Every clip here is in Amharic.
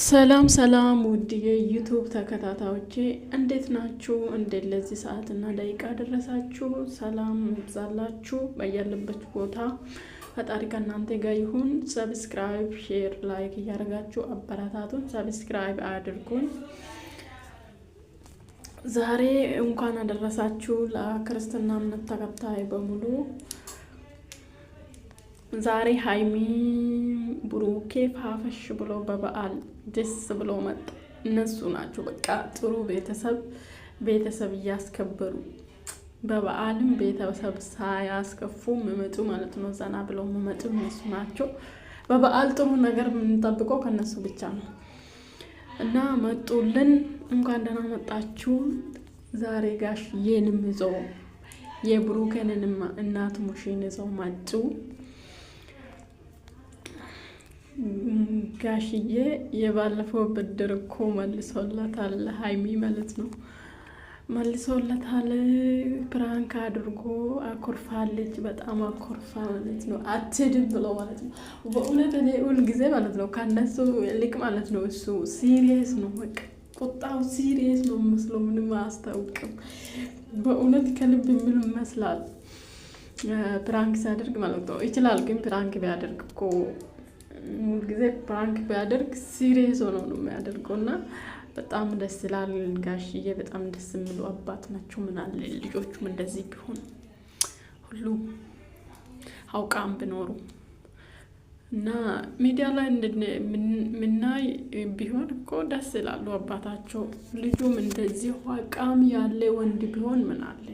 ሰላም ሰላም ውድ የዩቱብ ተከታታዮቼ እንዴት ናችሁ? እንዴት ለዚህ ሰዓትና ደቂቃ ደረሳችሁ? ሰላም ይብዛላችሁ በያለበት ቦታ ፈጣሪ ከእናንተ ጋር ይሁን። ሰብስክራይብ፣ ሼር፣ ላይክ እያደረጋችሁ አበረታቱን። ሰብስክራይብ አድርጉን። ዛሬ እንኳን አደረሳችሁ ለክርስትና እምነት ተከታይ በሙሉ ዛሬ ሀይሚ ብሩኬ ፋፈሽ ብሎ በበዓል ደስ ብሎ መጣ። እነሱ ናቸው በቃ ጥሩ ቤተሰብ ቤተሰብ እያስከበሩ በበዓልም ቤተሰብ ሳያስከፉ የሚመጡ ማለት ነው። ዘና ብለው የሚመጡ እነሱ ናቸው። በበዓል ጥሩ ነገር የምንጠብቀው ከነሱ ብቻ ነው እና መጡልን። እንኳን ደህና መጣችሁ። ዛሬ ይህንም ይዘው የብሩኬንንም እናት ሙሽን ይዘው መጡ። ጋሽዬ የባለፈው ብድር እኮ መልሶለታል፣ ሀይሚ ማለት ነው መልሶለታል። ፕራንክ አድርጎ አኩርፋለች፣ በጣም አኩርፋ ማለት ነው። አትድም ብሎ ማለት ነው። በእውነት እኔ ሁል ጊዜ ማለት ነው ከነሱ ልቅ ማለት ነው እሱ ሲሪየስ ነው በቃ ቁጣው ሲሪየስ ነው መስሎ ምንም አያስታውቅም። በእውነት ከልብ የሚል ይመስላል ፕራንክ ሲያደርግ ማለት ነው። ይችላል ግን ፕራንክ ቢያደርግ እኮ ጊዜ ፕራንክ ቢያደርግ ሲሪየስ ሆኖ ነው የሚያደርገው እና በጣም ደስ ይላል። ጋሽዬ በጣም ደስ የሚሉ አባት ናቸው። ምናለ ልጆቹም እንደዚህ ቢሆን ሁሉ አውቃም ብኖሩ እና ሚዲያ ላይ ምናይ ቢሆን እኮ ደስ ይላሉ አባታቸው። ልጁም እንደዚህ አቃም ያለ ወንድ ቢሆን ምናለ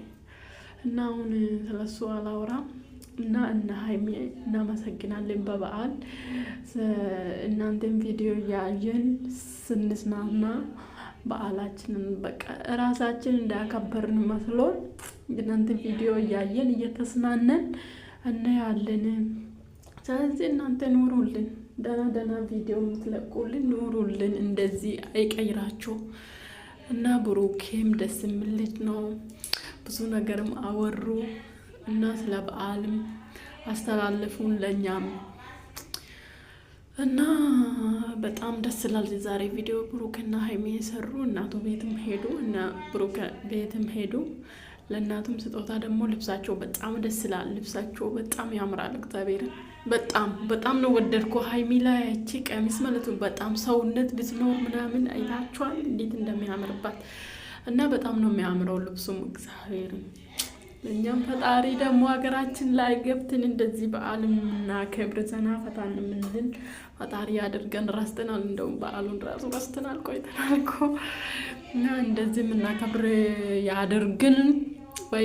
እና አሁን ስለሱ አላውራም። እና እና ሀይሚ እናመሰግናለን። በበዓል እናንተን ቪዲዮ እያየን ስንስናና በዓላችንን በቃ እራሳችን እንዳያከበርን መስሎን እናንተን ቪዲዮ እያየን እየተስናነን እና ያለን ስለዚህ እናንተ ኑሩልን፣ ደህና ደህና ቪዲዮ የምትለቁልን ኑሩልን። እንደዚህ አይቀይራችሁ እና ብሩኬም ደስ የሚል ልጅ ነው። ብዙ ነገርም አወሩ። እና ስለ በዓልም አስተላልፉን ለእኛም እና በጣም ደስ ይላል። ዛሬ ቪዲዮ ብሩክና ሀይሜ የሰሩ እናቱ ቤትም ሄዱ እና ብሩክ ቤትም ሄዱ። ለእናቱም ስጦታ ደግሞ ልብሳቸው በጣም ደስ ይላል። ልብሳቸው በጣም ያምራል። እግዚአብሔርን በጣም በጣም ነው ወደድኮ። ሀይሚ ላይ ያቺ ቀሚስ ማለት ነው በጣም ሰውነት ብትኖር ምናምን አይታችኋል እንዴት እንደሚያምርባት እና በጣም ነው የሚያምረው ልብሱም እግዚአብሔርን እኛም ፈጣሪ ደግሞ ሀገራችን ላይ ገብትን እንደዚህ በዓል የምናከብር ዘና ፈታን የምንል ፈጣሪ አድርገን ረስተናል። እንደውም በዓሉን ራሱ ረስተናል ቆይተናል እኮ እና እንደዚህ የምናከብር ያድርግን።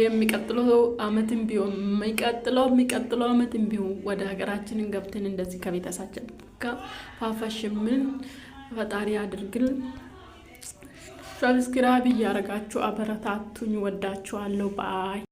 የሚቀጥለው አመትም ቢሆን የሚቀጥለው የሚቀጥለው አመትም ቢሆን ወደ ሀገራችንን ገብትን እንደዚህ ከቤተሰባችን ጋር ፋፋሽ ፈጣሪ አድርግን። ሰብስክራይብ እያደረጋችሁ አበረታቱኝ። ወዳችኋለሁ። ባይ